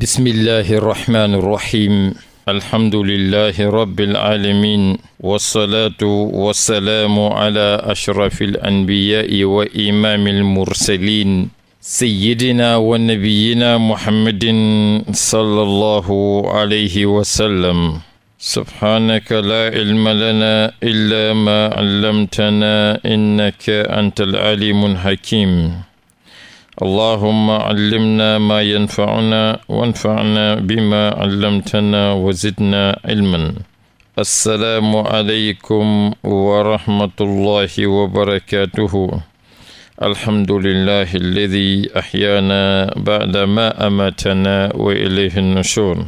bismillahi irrahmani irrahim alhamdulilahi rabiilalamin walsalaatu walsalaamu ala ashrafi alanbiyaai wa imaami almursalin sayidina wa nabiyina muhammadin sallallahu alayhi wasallam subhaanaka laa ilma lana illa ma allamtana innaka anta alalimu alhakim allahuma callimna maa yanfacunaa wanfacnaa bimaa callamtanaa wa zidnaa cilman assalaamu aleykum wa rahmatullahi wa barakaatuhu alhamdulillahi alladi axyaana bacda ma amatana wa ilayhi nushur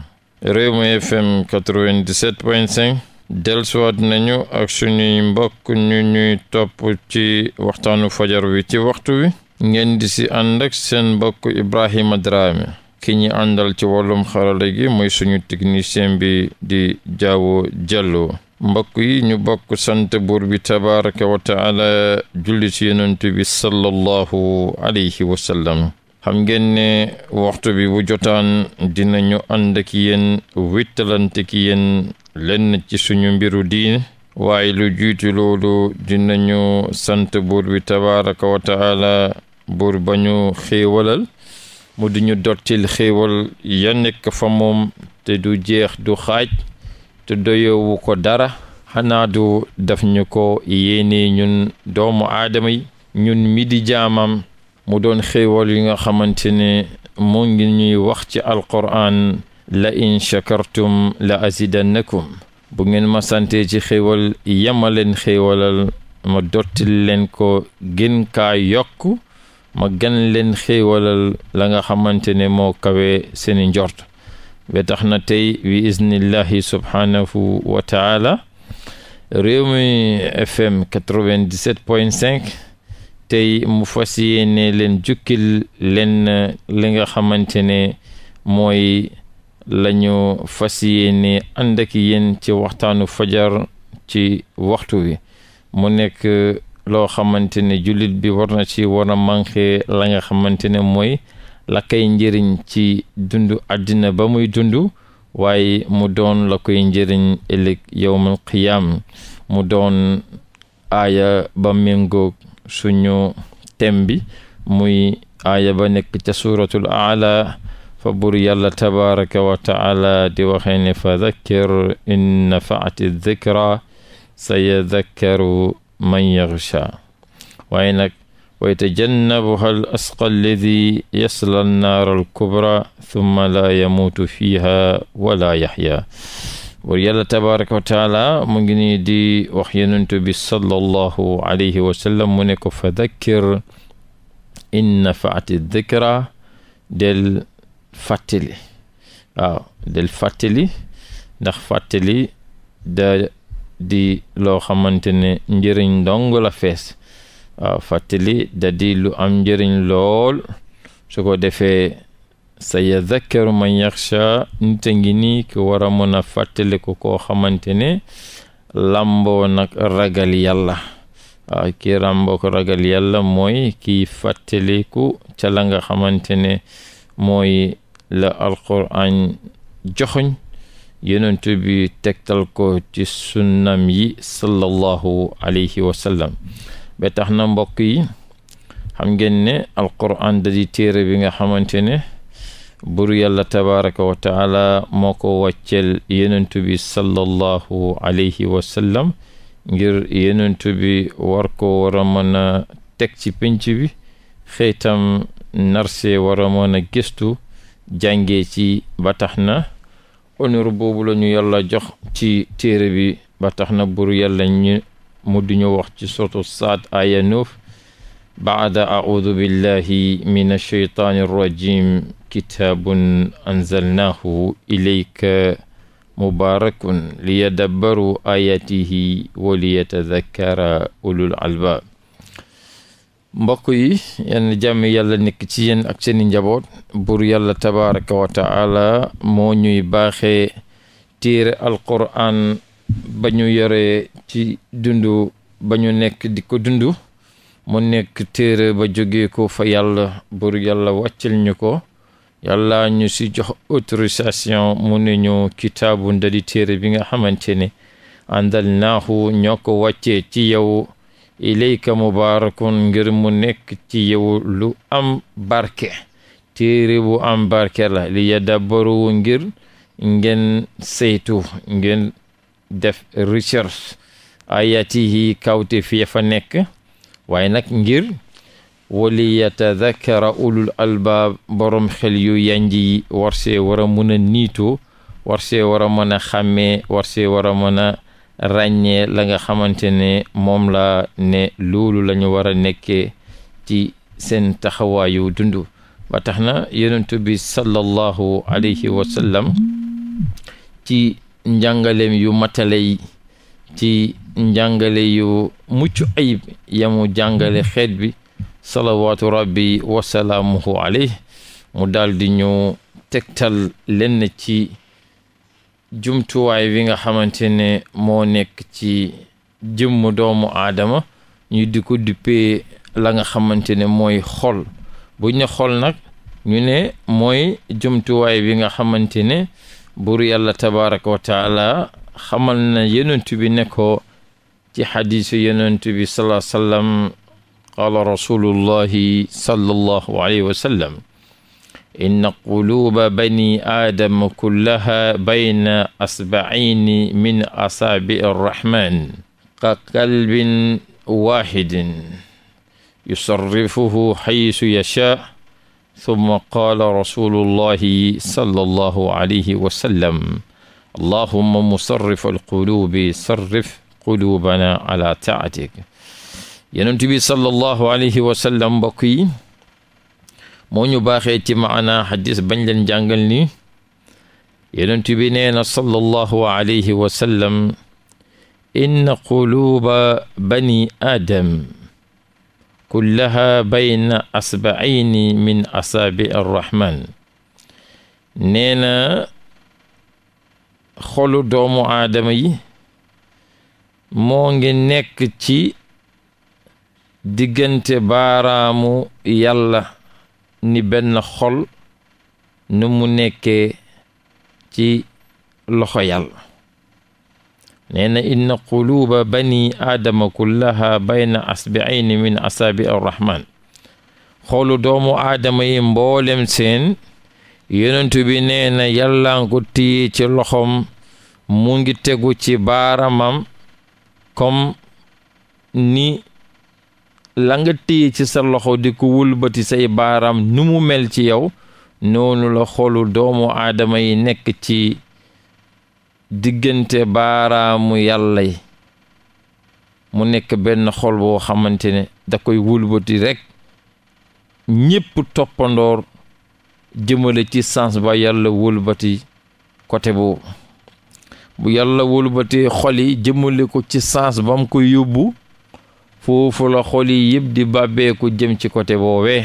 Rewmi FM 97.5 delsuwaat nañu ak suñuy mbokk ñu ñuy topp ci waxtaanu fajar wi ci waxtu wi ngeen di si ànd seen mbokk Ibrahima Dramé ki ñi àndal ci wàllum xarala gi mooy suñu technicien bi di Jaawo Jallo mbokk yi ñu bokk sant buur bi tabaraka wa taala julli ci yonent bi sallallahu alayhi wa sallam xam ngeen ne waxtu bi bu jotaan dinañu ànd ak yéen wittalante ki yéen lenn ci suñu mbiru diine waaye lu jiitu loolu nañu sant buur bi tabaraka wa buur ba ñu xéewalal mu di ñu dottil xéewal ya nekk fa moom te du jeex du xaaj te doyowu ko dara xanaa du daf ñu ko yéenee ñun doomu aadama yi ñun mi di jaamam mu doon xéewal yi nga xamante ne mu ngi ñuy wax ci alquran la in shakartum la azidannakum bu ngeen ma santee ci xéewal yama xéewalal ma dottil leen ko gën kaa yokk ma gan leen xéewalal la nga xamante ne moo kawe seeni njort ba tax na tey bi iznillahi subhaanahu wa taala réew mi fm 97.5 tey mu fas yéene leen jukkil leen li nga xamante ne mooy lañu fas yéene ànd ak yéen ci waxtaanu fajar ci waxtu wi mu nekk loo xamante ne jullit bi war na ci war a manqué la nga xamante ne mooy la koy njëriñ ci dund àddina ba muy dund waaye mu doon la koy njëriñ ëllëg yowmal qiyaam mu doon aaya ba méngoog suñu tem bi muy aaya ba nekk ca suuratul aala fa buur yàlla tabaraka wa taala di waxee ne fa dakkir in nafaati dikra sa yadakkaru man yaxsha waaye nag way tajannabuha al asqa alladi yasla annaar alkubra thumma laa yamuutu fiiha wala yaxya buur yàlla tabaraka wa taala mu ngi nii di wax yonent bi sallallahu alayhi wa sallam mu ne ko fa dakkir in nafaati dikra del fàttali waaw del fàttali ndax fàttali da di loo xamante ne njëriñ dong la fees waaw fàttali da di lu am njëriñ lool su ko defee sa yazakkaru ma yaxsha nit a ngi nii ki war a mën a fàttali ko koo xamante ne làmboo nag ragal yàlla waaw kii ràmboo ko ragal yàlla mooy kii fàttaliku ca la nga xamante ne mooy la alquran joxoñ yonent tegtal ko ci sunnam yi sallallahu alayhi wa sallam ba tax na mbokk yi xam ngeen ne alquran da di téere bi nga xamante ne bur yàlla tabaraka wa taala moo ko wàccel yonent bi sallallahu alayhi wa ngir yonent bi war ko war a mën teg ci pénc bi xëytam narse war a mën a gëstu jàngee ci ba tax na honneur boobu yàlla jox ci téere bi ba tax na bur yàlla ñu duñu wax ci sotu saad aya nuuf baada audu billahi min alsheytaani arrajim kitaabun anzalnaahu ilayka mubaarakun liyadabbaru ayatihi wa liyatadakkara ulul albaab mbokk yi yenn jàmm yàlla nekk ci yéen ak seeni njaboot bur yàlla tabaraka wa taala moo ñuy baaxee téere alquran ba ñu yore ci dundu ba ñu nekk di ko dundu mu nekk téere ba jógee ko fa yàlla buur yàlla wàccal ñu ko yàlla ñu si jox autorisation mu ne ñu kitaabu ndadi téere bi nga xamante ne àndal naaxu ñoo ko ci yow ilayka mubaarakun ngir mu nekk ci yow lu am barke téere bu am barke la li yadabbaru ngir ngeen saytu ngeen def recherche ayatihi kawte fi fa nekk waaye nag ngir wali yatadakara ulul albaab borom xel yu yanj war see war a mën a niitoo war see war a mën a xàmmee war see war a ràññee la nga xamante ne moom la ne loolu lañu ñu war a nekkee ci seen taxawaayu dund ba tax na yonentu bi sallallahu alayhi wa ci njàngaleem yu matale yi ci njàngale yu mucc ayib yamu jàngale xeet bi salawaatu rabbi wasalaamuhu alayh mu daal ñu tegtal lenn ci jumtuwaay bi nga xamante ne moo nekk ci jëmm doomu aadama ñu di ko duppee la nga xamante ne moy xol buñ ne xol nag ñu ne mooy jumtuwaay bi nga xamante ne buur yàlla tabaraka wa xamal na yonent bi nekkoo ci xadiisu yonent bi salaa sallam qaala rasulullahi sallallahu alayhi wa inna quluuba bani aadama kullaha bayna asbaciini min asaabi'i arrahman ka qalbin waaxidin yusarrifuhu xaysu yashaa summa qaala rasulullahi sallallahu alayhi wa sallam allahumma musarrif alquluubi sarrif quluubana ala taatik yonent bi sallallahu alayhi wa sallam mbokk yi moo ñu baaxee ci maana xadis bañ leen jàngal ni yonent bi nee na sallallahu alayhi wa sallam inna quluuba bani aadam kullaha bayna asbaayni min asaabi arrahman nee xolu doomu aadama yi moo ngi nekk ci diggante baaraamu yàlla ni benn xol nu mu nekkee ci loxo yàlla nee na inna quluuba bani aadama kullaha bayna asbi'ayni min asaabi arrahman xoolu doomu aadama yi mboolem seen yonentu bi nee na yàllaan ko téye ci loxom mu ngi tegu ci baaramam comme ni la nga téye ci sa loxo di ko wulbati say baaraam nu mu mel ci yow noonu la xolu doomu aadama yi nekk ci diggante baaraamu yàlla yi mu nekk benn xol boo xamante ne da koy wulbati rekk ñépp toppandoor jëmale ci sens ba yàlla wulbati côté boobu bu yàlla wulbati xol jëmale ko ci sens ba mu koy yóbbu foofu la xol yi yëpp di bàbbeeku jëm ci côté boobee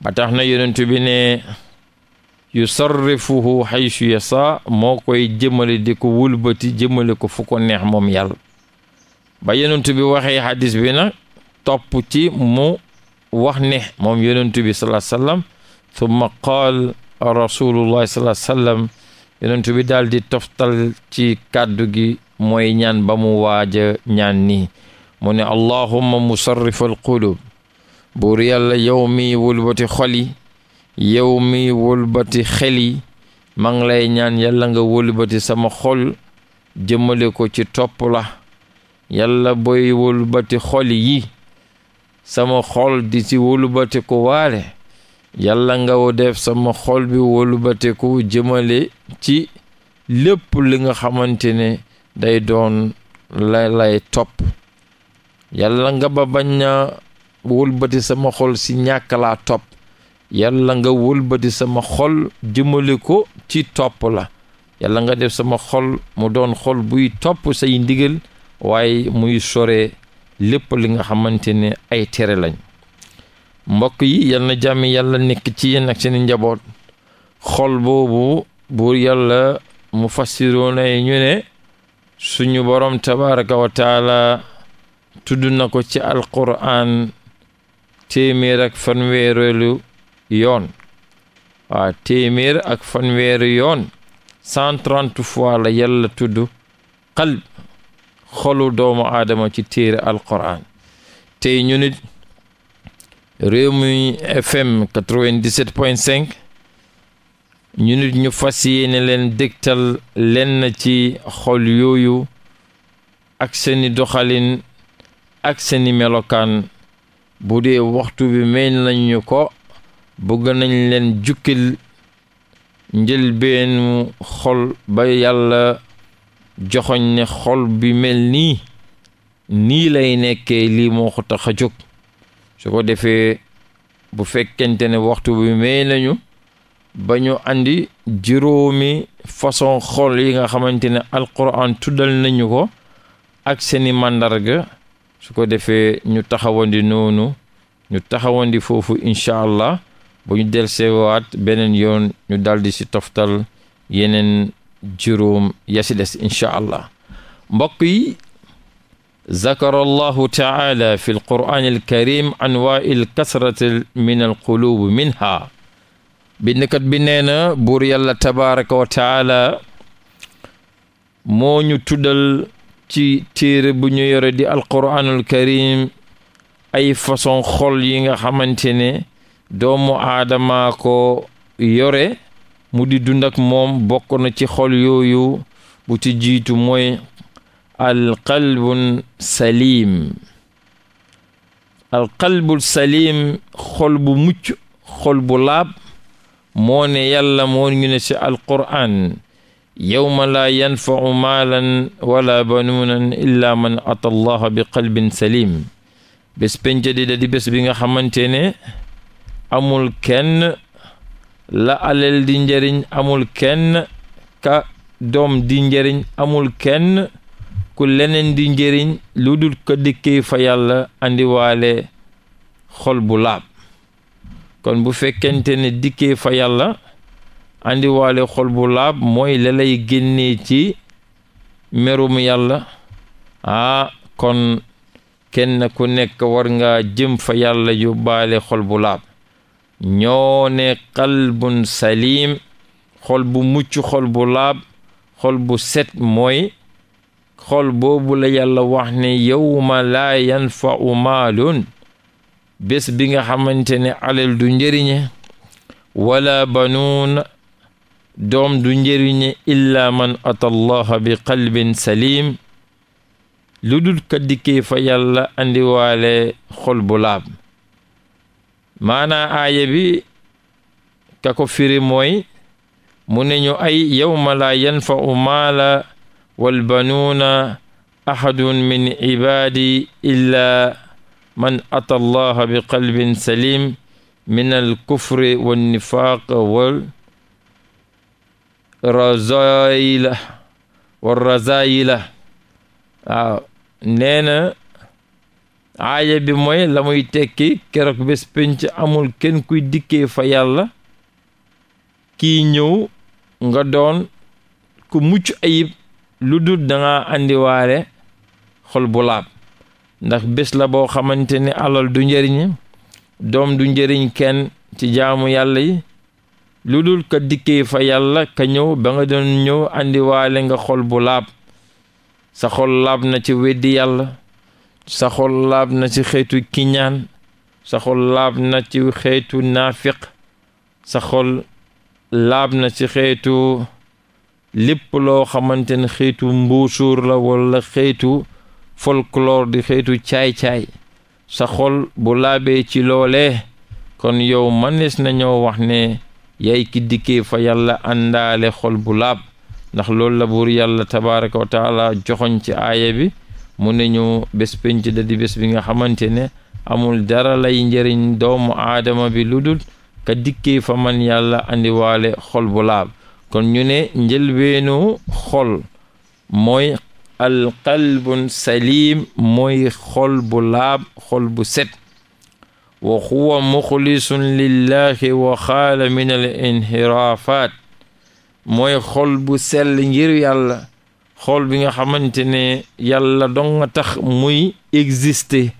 ba tax na yonent bi ne yusarrifuhu xaysu yasa moo koy jëmale di ko wulbati jëmale ko fu ko neex moom yàlla ba yonent bi waxee xadis bi nag topp ci mu wax ne moom yonent bi salaa sallam thumma qaal rasulullahi salaa sallam yonent bi daal di toftal ci kàddu gi mooy ñaan ba mu waaja ñaan ni mu ne allahumma musarrif alqulub buur yàlla yow mi wulbati xol yi yow mi wulbati xel yi maa ngi lay ñaan yàlla nga wulbati sama xol jëmale ko ci topp la yàlla booy wulbati xoli yi sama xol di ci wulbati ko waale yàlla nga def sama xol bi wulbati ko jëmale ci lépp li nga xamante ne day doon la lay topp yàlla nga ba bañ a wëlbati sama xol si ñàkk laa topp yàlla nga wëlbati sama xol jëmale ko ci topp la yàlla nga def sama xol mu doon xol buy topp say ndigal waaye muy sore lépp li nga xamante ne ay tere lañ mbokk yi yal na jàmm yàlla nekk ci yéen ak seeni njaboot xol boobu buur yàlla mu fassiroona ñu ne suñu borom tabaraka tudd na ko ci alquran téeméer ak fanweerelu yoon waaw téeméer ak fanweeri yoon cent trente fois la yàlla tudd qalb xolu doomu aadama ci téere alxuraan te ñu nit réew mi fm ñu nit ñu fas yéene leen dégtal lenn ci xol yooyu ak seeni doxalin ak seeni melokaan bu dee waxtu bi may nañu ko bëgg nañu leen jukkil njëlbeenu xol ba yàlla joxoñ ne xol bi mel nii nii lay nekkee lii moo ko tax a jóg su ko defee bu fekkente ne waxtu wi may nañu ba ñu indi juróomi façon xol yi nga xamante ne alquran tuddal nañu ko ak seeni màndarga su ko defe ñu taxawandi noonu ñu taxawandi foofu incha allah bu ñu del sewaat beneen yoon ñu daldi si toftal yeneen juróom ya ci des incha allah mbokk yi zakara allahu taala fi l quran anwaa l kasrate min al quluub minha bindkat bi nee na buur yàlla tabaraka moo ñu tuddal ci téere bu ñu yore di alquraanul karim ay façon xol yi nga xamante ne doomu aadama ko yore mu di dund ak moom bokk na ci xol yooyu bu ci jiitu mooy alqalbun salim alqalbul salim xol bu mucc xol bu laab moo ne yàlla moo ngi ne ci alquraan yowma laa yanfacu maalan wala banuunan illa man ata allaha bi qalbin salim bés pénca di da bés bi nga xamante ne amul kenn la alal di njëriñ amul kenn ka doom di njariñ amul kenn ku leneen di njëriñ lu dul ko dikkee fa yàlla andiwaale xol bu laab kon bu fekkente ne dikkee fa yàlla andiwaale xol bu laab mooy la lay génnee ci merum yàlla ah kon kenn ku nekk war ngaa jëm fa yàlla yóbbaale xol bu laab ñoo ne qalbun salim xol bu mucc xol bu laab xol bu set mooy xol boobu la yàlla wax ne yawma laa yanfa'u maalun bés bi nga xamante ne alal du njëriñe wala banuun doom du njëriñe illa man atallaha bi qalbin salim lu dul ka dikkee fa yàlla andiwaale xol bu laab maanaa aaya bi ka ko firi mooy mu ne ñu ay yawma laa yanfau maala walbanuuna ahadun min ibaadi illa man ata allaha bi qalbin salim min alkufri wannifaq wal razayla wa razayla waaw nee na aaya bi mooy la tekki keroog bés penc amul kenn kuy dikkee fa yàlla kii ñëw nga doom ku mucc ayib lu dul danga àndiwaale xol bu laab ndax bés la boo xamante ni alal du njariñ doom du njariñ kenn ci jaamu yàlla yi lu dul ka dikkee fa yàlla ka ñëw ba nga doon ñëw àndiwaale nga xol bu laab sa xol laab na ci weddi yàlla sa xol laab na ci xeetu kiñaan sa xol laab na ci xeetu naafiq sa xol laab na ci xeetu lépp loo xamante ne xeetu mbuusuur la walla xeetu folklore di xeetu caay-caay sa xol bu laabee ci loole kon yow na ñoo wax ne yay ki fa yàlla àndaale xol bu laab ndax loolu la buur yàlla tabaraka wa taala joxoñ ci aaya bi mu ne ñu bés penc da bi nga xamante ne amul dara lay njëriñ doomu aadama bi lu dul ka dikkee fa man yàlla andiwaale xol bu laab kon ñu ne njëlbeenu xol mooy alqalbun salim mooy xol laab xol bu set wa huwa muxlisun lillahi wa xaala min al inxiraafaat mooy xol bu sell ngir yàlla xol bi nga xamante ne yàlla dong nga tax muy exister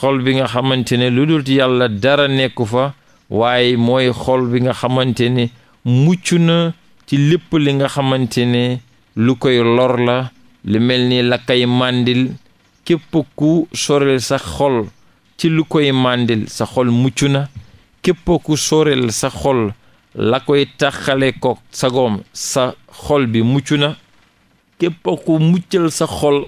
xol bi nga xamante ne lu dul yàlla dara nekku fa waaye mooy xol bi nga xamante ne mucc na ci lépp li nga xamante ne lu koy lor la lu mel ni la màndil képp ku sorel sax xol ci lu koy màndil sa xol mucc na képp ku soreel sa xol la koy taxale ko sagoom sa xol bi mucc na képp ku muccal sa xol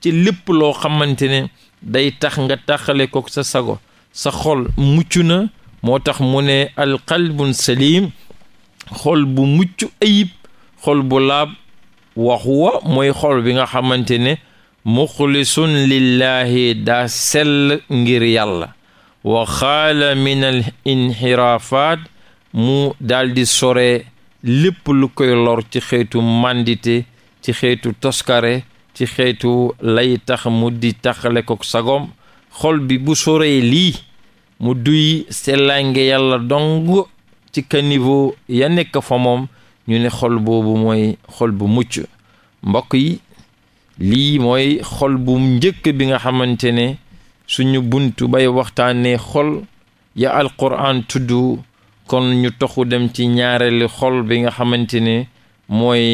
ci lépp loo xamante ne day tax nga taxale ko sa sago sa xol mucc na moo tax mu ne alqalbun salim xol bu mucc ayib xol bu laab waxuwa mooy xol bi nga xamante ne muxlisun lillaahi daa sell ngir yàlla wa xaala min al mu daldi sore lépp lu koy lor ci xeetu màndite ci xeetu toskare ci xeetu lay tax mu di taxale ko sagom xol bi bu sore lii mu duy sellange yàlla dong ci caniveau ya nekk fa moom ñu ne xol mooy xol bu mucc mbokk yi lii mooy xol bu njëkk bi nga xamante ne suñu buntu bay waxtaane xol ya alquran tudd kon ñu toxu dem ci ñaareelu xol bi nga xamante ne mooy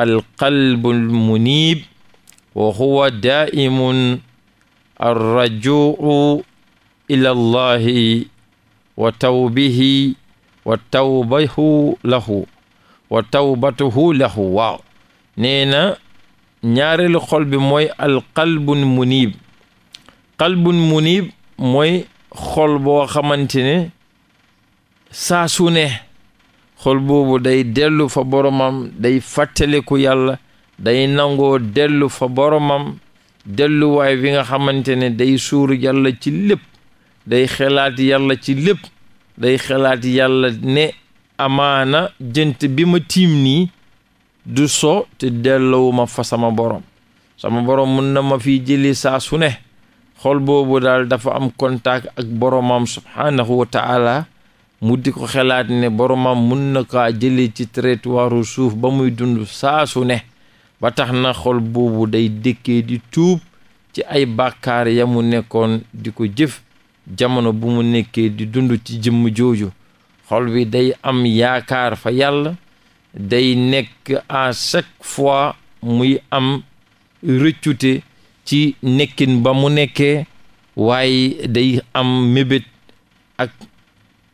alqalbul munib wa huwa daimun arrajuu ila allahi wa tawbihi wa tawbahu lahu wa tawbatuhu lahu waaw nee na ñaareelu xol bi mooy al qalbun munib qalbun munib mooy xol boo xamante ne saa su ne xol boobu day dellu fa boromam day fàttaliku yàlla day nangoo dellu fa boromam delluwaay bi nga xamante ne day suuru yàlla ci lépp day xelaat yàlla ci lépp day xelaati yàlla ne amaana jënt bi ma tiim nii du soo te delloowu ma fa sama borom sama borom mun na ma fi jëlli saa su ne xol boobu daal dafa am kontak ak boromam subhaanahu wa taala mu di ko xelaat ne boromam mun na kaa jëli ci trottoiru suuf ba muy dund saasu ne ba tax na xol boobu day dëkkee di tuub ci ay bàkkaar ya mu nekkoon di ko jëf jamono bu mu nekkee di dund ci jëmm jooju xol wi day am yaakaar fa yàlla day nekk à chaque fois muy am rëccute ci nekkin ba mu nekkee waaye day am mébét ak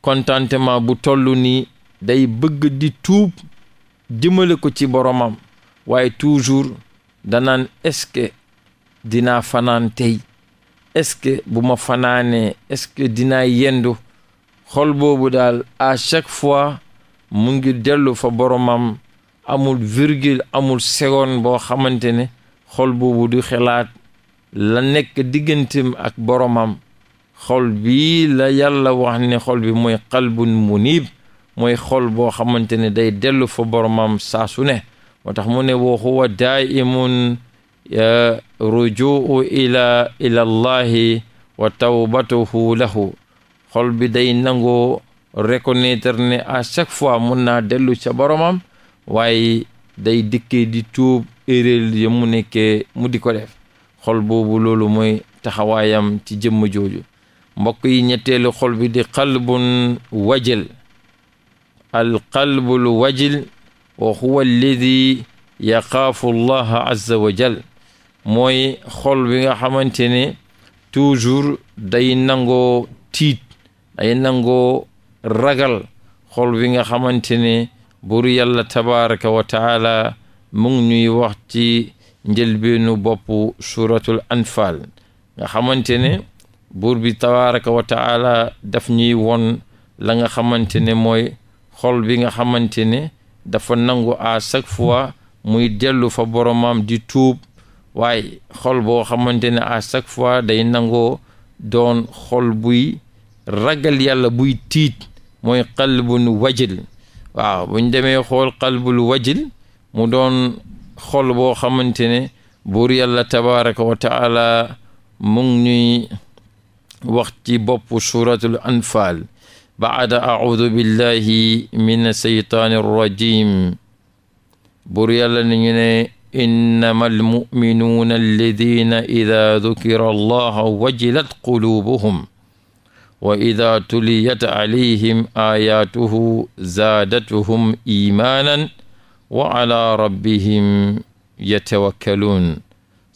contentement bu toll nii day bëgg di tuub jëmale ko ci boromam waaye toujours danaan est-ce fanaan tey est-ce bu ma fanaanee est dina yendu xol boobu daal à chaque fois mu ngi dellu fa boromam amul virgil amul seconde boo xamante ne xol boobu du xalaat la nekk digganteem ak boromam xol bii la yàlla wax ne xol bi mooy qalbun munib mooy xol boo xamante ne day dellu fa boromam saa su ne moo tax mu ne wa huwa daa'imun rujuu ila ila allahi wa tawbatuhu lahu xol bi day nangoo reconnaître ne à chaque fois mun naa dellu ca boromam waaye day dikkee di tuub erreur ya mu mu di ko def xol boobu loolu mooy taxawaayam ci jëmm jooju mbokk yi ñetteelu xol bi di qalbun wajil al qalbul wajil wa huwa alladi yaxaafu allaha azza wa jal mooy xol bi nga xamante ne toujours day nangoo tiit ay nangoo ragal xol wi nga xamante ne buur yàlla tabaraka wa taala mu ngi ñuy wax ci njëlbeenu boppu suratul anfal nga xamante ne buur bi tabaraka wa daf ñuy won la nga xamante ne mooy xol bi nga xamante ne dafa nangu à chaque fois muy dellu fa boromam di tuub waaye xol boo xamante ne à chaque fois day nangoo doon xol buy ragal yàlla buy tiit mooy qalbun wajil waaw bu ñu demee xool qalbul wajil mu doon xol boo xamante ne buur yàlla tabaraka wa taala mu ngi ñuy wax ci bopp suratul anfaal baada audu billahi min seytaani rajim buur yàlla ni ñu ne innama almuminuuna alladina ida dukira allaha wajilat qulubuhum wa ida tuliyat alayhim ayatuhu zaadatuhum imaanan wa ala rabbihim yatawakkaluun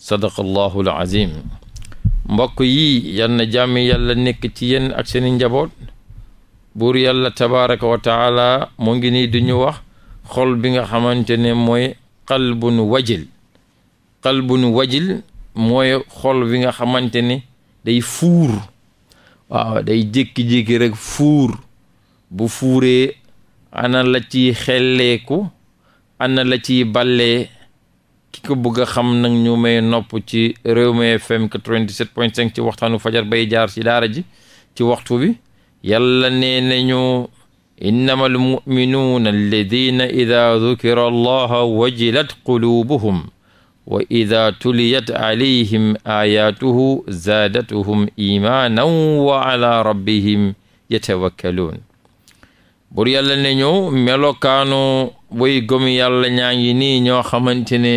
sadaqa allahu alazim mbokk yi yal na jàmm yàlla nekk ci yéen ak seeni njaboot buur yàlla tabaraka wa taala mu ngi nii du ñu wax xol bi nga xamante ne mooy qalbun wajil qalbun wajil mooy xol bi nga xamante ne day fuur waaw day jékki-jékki rek fuur bu fuuree ana la ci xelleeku ana la ci ballee ki bëgg a xam nag ñu may nopp ci Rewmi FM 97.5 ci waxtaanu fajar bay jaar ci daara ji ci waxtu wi yàlla nee nañu innama almuminuuna alladina ida dukira allaha wajilat qulubuhum wa ida tuliyat alayhim ayatuhu zaadatuhum imaanan wa rabbihim yatawakkaluun bur yàlla ne ñu melokaanu way gëm yàlla ñaa ngi nii ñoo xamante ne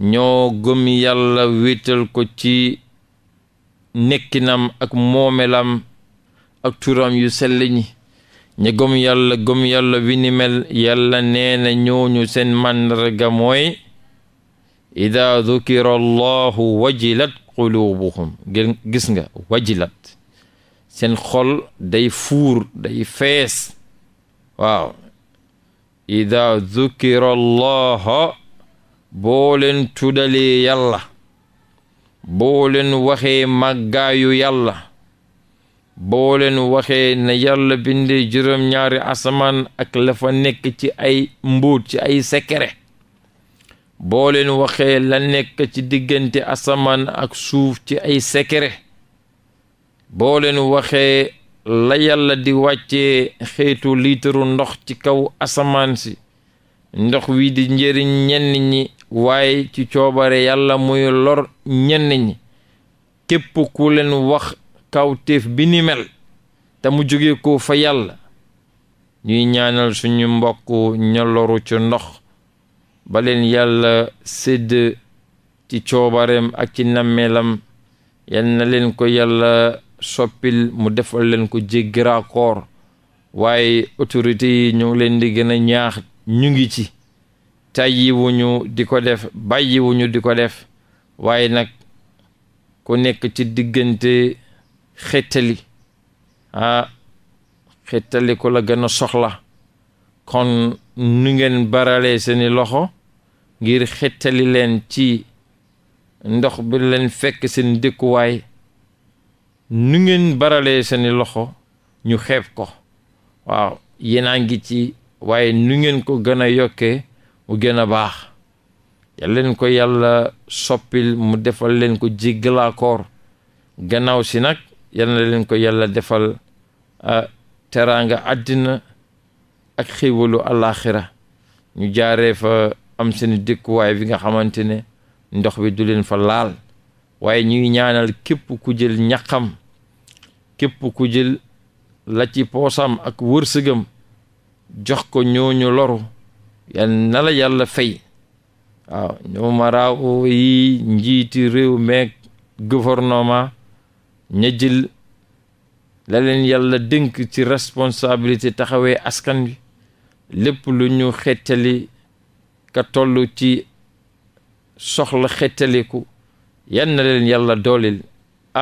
ñoo gëm yàlla wéetal ko ci nekkinam ak moomelam ak turam yu sell ñi ñi gëm yàlla gëm yàlla wi ni mel yàlla nee na seen màndarga mooy ida dukira allahu wajilat qulubuhum gis nga wajilat seen xol day fuur day fees waaw ida dukira allaha boo leen tuddalee yàlla boo waxee màggaayu yàlla boo leen waxee ne yàlla bindee juróom-ñaari asamaan ak la nekk ci ay mbóot ci ay sekere boo waxee la nekk ci diggante asamaan ak suuf ci ay sekere boo leen waxee la yàlla di wàcce xeetu liitaru ndox ci kaw asamaan si ndox wi di njëriñ ñenn ñi waaye ci coobare yàlla muy lor ñenn ñi képp ku leen wax kawtéef bi ni mel te mu jóge ko fa yàlla ñuy ñaanal suñu mbokk ña loru ci ndox ba leen yàlla sedd ci coobareem ak ci nammeelam yal na leen ko yàlla soppil mu defal leen ko jéggi waaye autorité yi ñu leen di gën a ñaax ñu ngi ci tàyyiwuñu di ko def bàyyiwuñu di ko def waaye nag ko nekk ci diggante xettali ah xettali ko la gën a soxla kon nu ngeen barale seeni loxo ngir xettali leen ci ndox bi leen fekk seen dëkkuwaay nu ngeen barale seeni loxo ñu xeeb ko waaw yéenaa ngi ci waaye nu ngeen ko gën a yokkee mu gën a baax yal ko yàlla soppil mu defal leen ko jéggalaakoor gannaaw si nag yal leen ko yàlla defal ah, teraanga àddina ak xéewalu àllaaxira ñu jaare fa am seen dëkkuwaay bi nga xamante ne ndox bi du leen fa laal waaye ñuy ñaanal képp ku jël ñaqam képp ku jël la ci poosam ak wërsëgam jox ko ñooñu loru yal na la yàlla fay waaw ñoom maraaw yi njiiti réew meek gouvernement ña jël la leen yàlla dënk ci responsabilité taxawee askan bi lépp lu ñu xettali ka toll ci soxla xettaliku yan leen yàlla doolil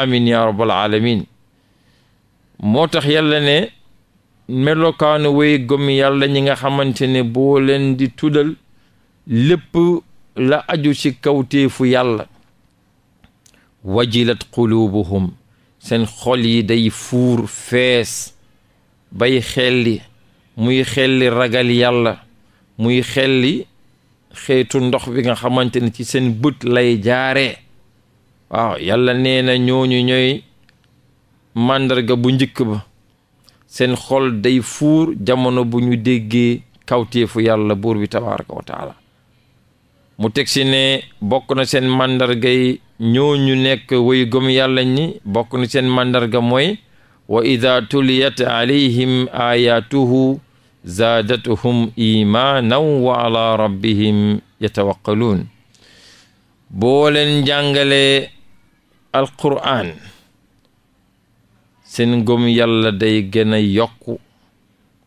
amin ya rabbal alamin moo tax yàlla ne melokaanu way gëm yàlla ñi nga xamante ne boo di tuddal lépp la aju ci kawteefu yàlla wajilat qulubuhum seen xol yi day fuur fees bay xelli muy xelli ragal yàlla muy xelli xeetu ndox bi nga xamante ne ci seen bët lay jaare waaw yàlla nee na ñooñu ñoy màndarga bu njëkk ba seen xol day fuur jamono bu ñu déggee kawteefu yàlla buur bi tabaraka wa mu teg si ne bokk na seen màndarga yi ñooñu nekk woy gëm yàlla ñi bokk na seen màndarga mooy wa ida tuliyat alayhim ayatuhu zaadatuhum imaanan wa ala rabbihim yatawakkaluun boo leen alqur'aan seen ngëm yàlla day gën yokku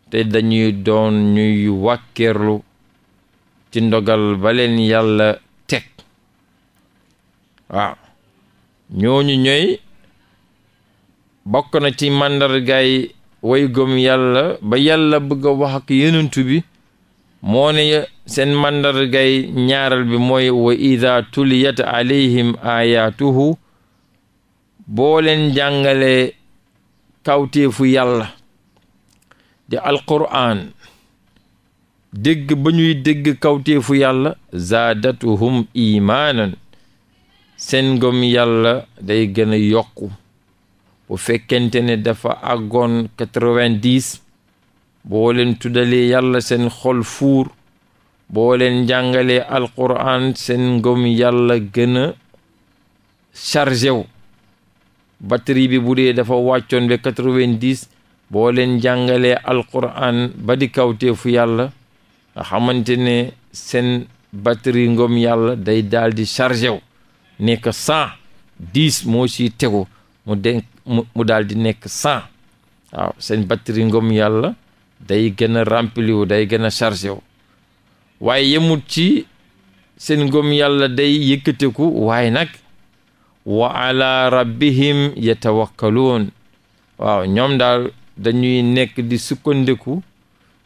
te dañuy doon ñuy wàkkeerlu ci ndogal ba leen yàlla teg bokk na ci màndargaay way gëm yàlla ba yàlla bëgg a wax bi moo ne seen màndargaay ñaaral bi mooy wa ida tuliyat alayhim ayatuhu boo leen jàngalee kawteefu yàlla di alquran dégg ba dëgg dégg kawteefu yàlla zaadatuhum imaanan seen gom yàlla day gëna yokku bu fekkente ne dafa àggoon quatre-vingt-dix boo leen tuddalee yàlla seen xol fuur boo leen jàngalee alquran seen ngëm yàlla gën a chargé wu batterie bi bu dee dafa wàccoon ba quatre-vingt-dix boo leen jàngalee alquran ba di kawteefu yàlla nga xamante ne seen batri ngëm yàlla day daal di chargé wu nekk cent dix moo ci tegu mu daldi nekk cent waaw seen batterie ngëm yàlla day gën a rempli wu day gën a chargé wu waaye yemut ci seen ngoom yàlla day yëkkateku waaye nag rabbi wa ala rabbihim yatawakkaluun waaw ñoom daal dañuy nekk di sukkandiku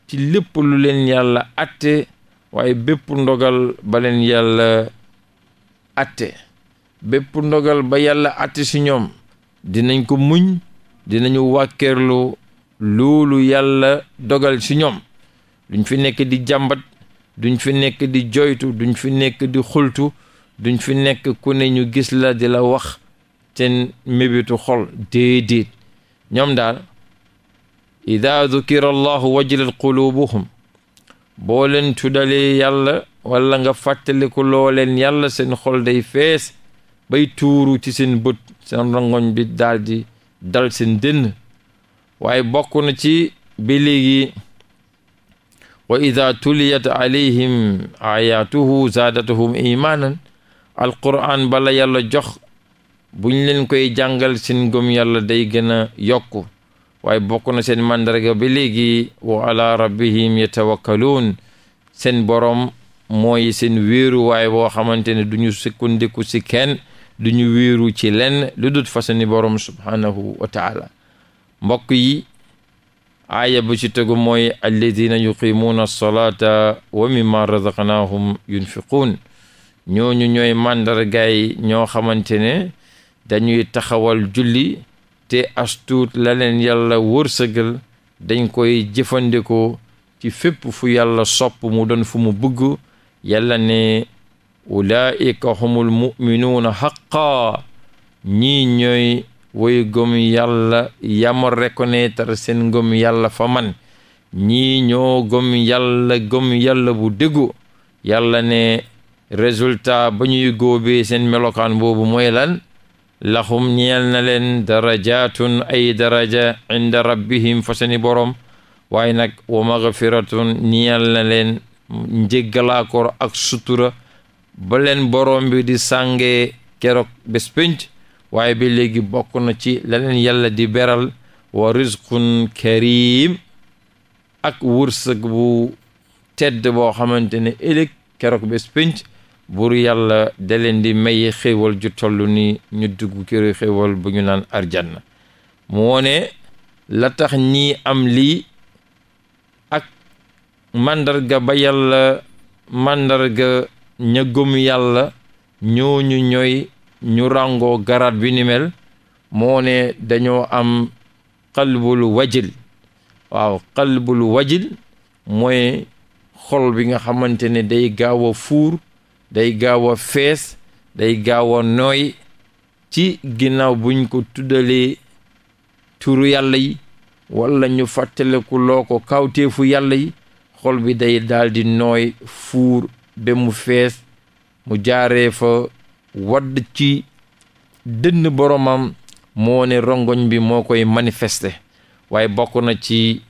ci lépp lu leen yàlla atte waaye bépp ndogal ba leen yàlla atte bépp ndogal ba yàlla atte si ñoom dinañ ko muñ dinañu wàkkeerlu loolu yàlla dogal ci ñoom duñ fi nekk di jàmbat duñ fi nekk di jooytu duñ fi nekk di xultu duñ fi nekk ku ne ñu gis la di la wax seen mébitu xol déedéet ñoom daal ida dukira allahu wajilat qulubuhum boo leen tuddalee yàlla wala nga fàttaliku loo leen yàlla seen xol day fees bay tuuru ci seen bët seen rangoñ bi daal dal seen dënn waaye bokk na ci ba léegi wa ida tuliyat alayhim ayatuhu zaadatuhum imaanan alquran bala yàlla jox buñ leen koy jàngal seen gëm yàlla day gën a yokku waaye bokk na seen màndarga ba léegi wa ala rabbihim yatawakkaluun seen borom mooy seen wéeru waaye boo xamante ne duñu sukkandiku ci kenn du ñu wiiru ci lenn lu dut fasani borom subhaanahu wa mbokk yi aaya bu ci tegu mooy alladina yuqimuuna alsolata wa mimma razaqnaahum yunfiquun ñooñu ñooy màndargaay ñoo xamante ne dañuy taxawal julli te astut laleen leen yàlla wërsëgal dañ koy jëfandikoo ci fépp fu yàlla sopp mu doon fu mu bëgg yàlla ne ulaika humul muminuuna xaqaa ñii ñooy woy gëm yàlla yama reconnaître seen ngëm yàlla fa man ñii ñoo gëm yàlla gëm yàlla bu déggu yàlla ne résultat ba ñuy góobee seen melokaan boobu mooy lan laxum ñeel na leen darajaatun ay daraja inda rabbihim fa seeni boroom waaye nag wa magfiratun na leen njéggalaakoor ak sutura ba leen boroom bi di sàngee keroog bés pénc waaye ba léegi bokk na ci laleen leen yàlla di beral wa rizqun karim ak wërsëg bu tedd boo xamante ne ëllëg keroog bés pénc buur yàlla da leen di may xéewal ju toll ni ñu dugg këru xéewal bu ñu naan arjanna mu wone la tax am lii ak màndarga ba yàlla màndarga ña gëm yàlla ñooñu ñooy ñu ràngoo garaat bi ni mel moo ne dañoo am qalbul wajil waaw qalbul wajil mooy xol bi nga xamante ne day gaaw fuur day gaawa fees day gaaw a nooy ci ginnaaw buñ ko tuddalee tur yàlla yi walla ñu fàttaliku loo ko kawteefu yàlla yi xol day daal di fuur ba fees mu jaaree fa wadd ci dënn boromam moo rongoñ bi moo koy manifester waaye bokk na ci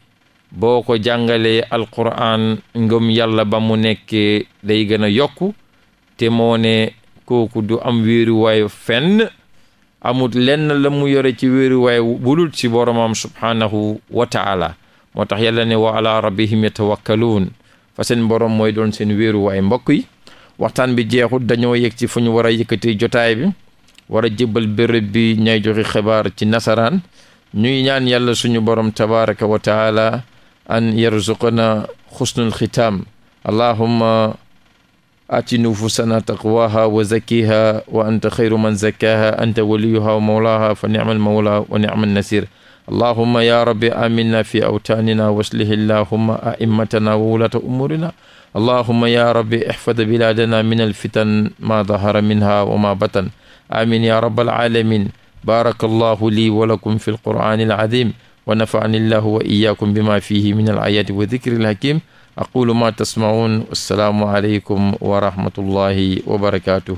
boo ko jàngalee alxuraan ngëm yàlla ba mu nekkee day gën a yokku te moone ne kooku du am wéeruwaayu fenn amut lenn la mu yore ci weeru wéeruwaay bulul ci boromam subhaanahu wa moo tax yàlla ne wa ala rabbihim yatawakkaluun fa seen borom mooy doon seen wéeruwaay mbokk yi waxtaan bi jeexut dañoo yegg ci fu ñu war a yëkkati jotaay bi war a jébbal béréb bi ñay joxe xibaar ci nasaraan ñuy ñaan yàlla suñu borom tabaraka wa taala an yarzuqana xusnul allahumma ati nufusana taqwaha wa zakkiha wa anta xayru man zakkaha anta waliyuha wa mawlaha fa ni'mal mawla wa ni'man nasir allahuma ya rabbi aminna fi awtaanina waslih allahuma aimmatana wa wulata umuurina allahuma ya rabbi ihfad bilaadana min alfitan ma dahara minha wa ma batan amin ya rabbal alamin baraka allahu lii wa lakum fi alqur'ani alazim wa nafa'ani allahu wa iyyakum bima fihi min alayati wa dhikri alhakim aqulu ma tasma'un assalaamu aleykum wa rahmatullahi wa barakatuh